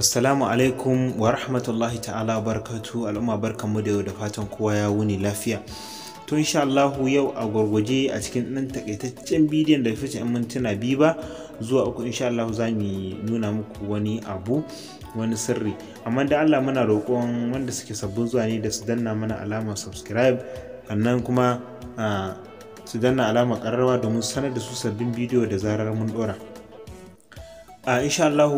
Assalamu alaikum wa rahmatullahi ta'ala barkatu al'umma mu da yau da fatan kowa ya wuni lafiya. To insha Allah yau a gwargwaje a cikin ɗan takaitaccen bidiyon da fice mintuna biyu ba zuwa uku insha Allah za mu nuna muku wani abu wani sirri. Amma da Allah muna roƙon wanda suke sabbin zuwa ne da su danna mana alamar subscribe sannan kuma su danna alamar ƙararrawa domin sanar da su sabbin bidiyo da zarar mun ɗora. A insha Allah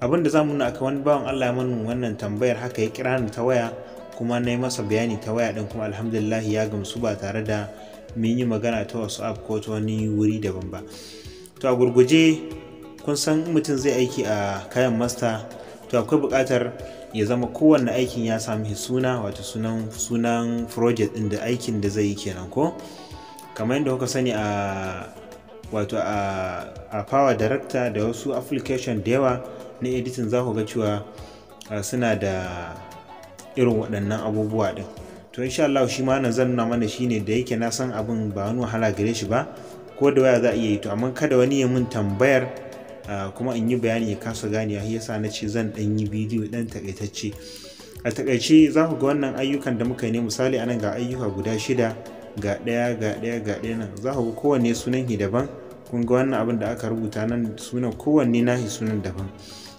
abin da zamu nuna wani bawan Allah mun wannan tambayar haka ya kira ni ta waya kuma na yi masa bayani ta waya din kuma alhamdulillah ya gamsu ba tare da mun yi magana ta wasu app ko ta wani wuri daban ba to a gurguje kun san mutum zai aiki a kayan masta to akwai buƙatar ya zama kowanne aikin ya sami suna wato sunan sunan project din da aikin da zai yi kenan ko kamar yadda kuka sani a wato a power director da wasu application da yawa na editing za ku ga cewa suna da irin waɗannan abubuwa ɗin to insha Allah shi ma na zan nuna mana ne da yake na san abin ba wani wahala gare shi ba ko da waya za a iya yi to amma kada wani ya mun tambayar kuma in yi bayani ya kasa gane a yasa na ce zan ɗan yi bidiyo ɗan takaitacce a takaice za ku ga wannan ayyukan da muka yi ne misali anan ga ayyuka guda shida ga ɗaya ga ɗaya ga ɗaya nan za ku ga kowanne sunan shi daban kun ga wannan abin da aka rubuta nan sunan kowanne nashi sunan daban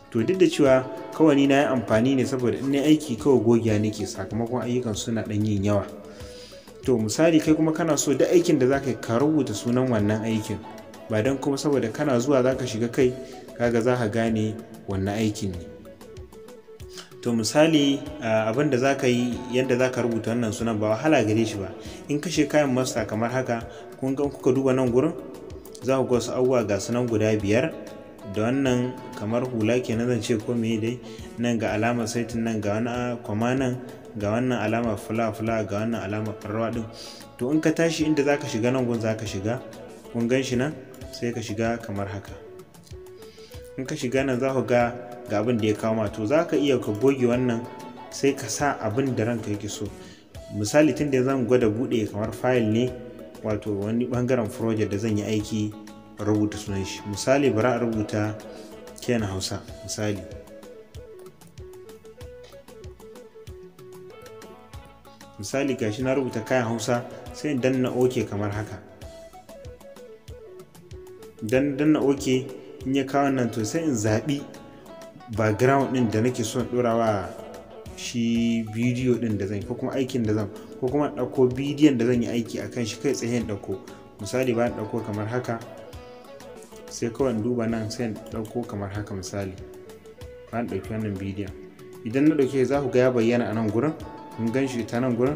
to duk da cewa kawai na yi amfani ne saboda in na aiki kawai gogiya nake sakamakon ayyukan suna ɗan yin yawa to misali kai kuma kana so duk aikin da zaka ka rubuta sunan wannan aikin ba don kuma saboda kana zuwa zaka shiga kai kaga za ka gane wannan aikin ne to misali abin da za ka yi yadda za ka rubuta wannan sunan ba wahala gare shi ba in kashe kayan masta kamar haka kun ga kuka duba nan gurin za ku ga su abubuwa ga sunan guda biyar da wannan kamar hula ke zan ce ko me dai nan ga alama saitin nan ga wani kwama nan ga wannan alama fula fula ga wannan alama farwa din to in ka tashi inda za ka shiga nan gun za ka shiga kun gan shi nan sai ka shiga kamar haka in ka shiga nan za ka ga ga abin da ya kama to za ka iya ka goge wannan sai ka sa abin da ranka yake so misali tun da zan gwada bude kamar fayil ne wato wani bangaren project da zan yi aiki rubuta sunan shi misali bara a rubuta ken hausa misali misali gashi na rubuta kayan hausa sai danna oke kamar haka danna oke in ya kawo nan to sai in zaɓi background ɗin da nake son ɗorawa shi bidiyo ɗin da zan yi ko kuma aikin da zan ko kuma ɗauko bidiyon da zan yi aiki akan shi kai tsaye ɗauko misali ba ɗauko kamar haka sai kawai in duba nan sai in ɗauko kamar haka misali ba ɗauki wannan bidiyon idan na ɗauke za ku ga ya bayyana a nan gurin in gan shi ta nan gurin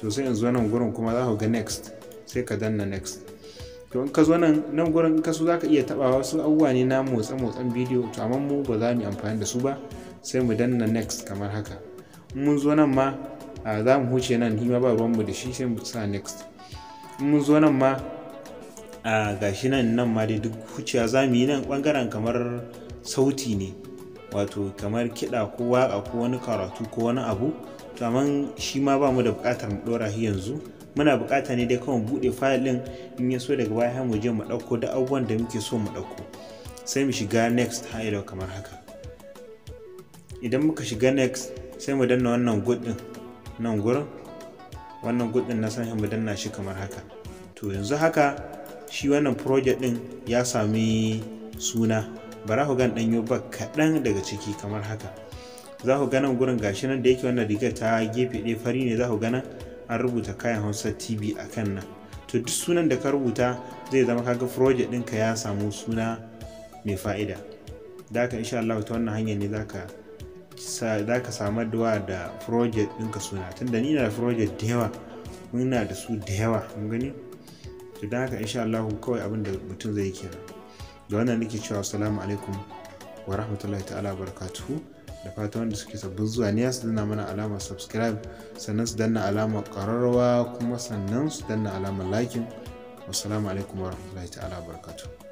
to sai in zo nan gurin kuma za ku ga next sai ka danna next to in ka zo nan nan gurin ka so za iya taɓa wasu abubuwa ne na motsa motsan bidiyo to amma mu ba za mu amfani da su ba sai mu danna next kamar haka in mun zo nan ma za mu huce nan hima ba ruwan mu da shi sai mu sa next in mun zo nan ma ga shi nan nan ma dai duk hucewa za mu yi nan bangaren kamar sauti ne wato kamar kiɗa ko waƙa ko wani karatu ko wani abu to amma shi ma ba mu da buƙatar mu ɗora shi yanzu muna bukata ne dai kawai bude fayil din in ya so daga baya mu je mu dauko da abubuwan da muke so mu dauko. sai mu shiga next ha kamar haka idan muka shiga next sai mu danna wannan gud din nan gurin wannan gud din na san mu danna shi kamar haka to yanzu haka shi wannan project din ya sami suna bara ku gan ɗanyo ba kaɗan daga ciki kamar haka za ku gana gurin gashi nan da yake wannan rigar ta gefe ɗaya fari ne za ku gana. an rubuta kayan hausa tv a kan nan to duk sunan da ka rubuta zai zama kaga project ɗinka ya samu suna mai fa'ida da ka insha Allah ta wannan hanyar ne zaka ka samar da da project ɗinka suna tunda ni na da project da yawa muna da su da yawa mun gani to da haka insha Allah kawai abin da mutum zai yi kenan da wannan nake cewa assalamu alaikum wa rahmatullahi ta'ala barakatuhu da fata wanda suke sabbin zuwa ne su danna mana alamar subscribe sannan su danna alamar kararrawa kuma sannan su danna alamar liking wasu alaikum rahmatullahi ta'ala barakatuh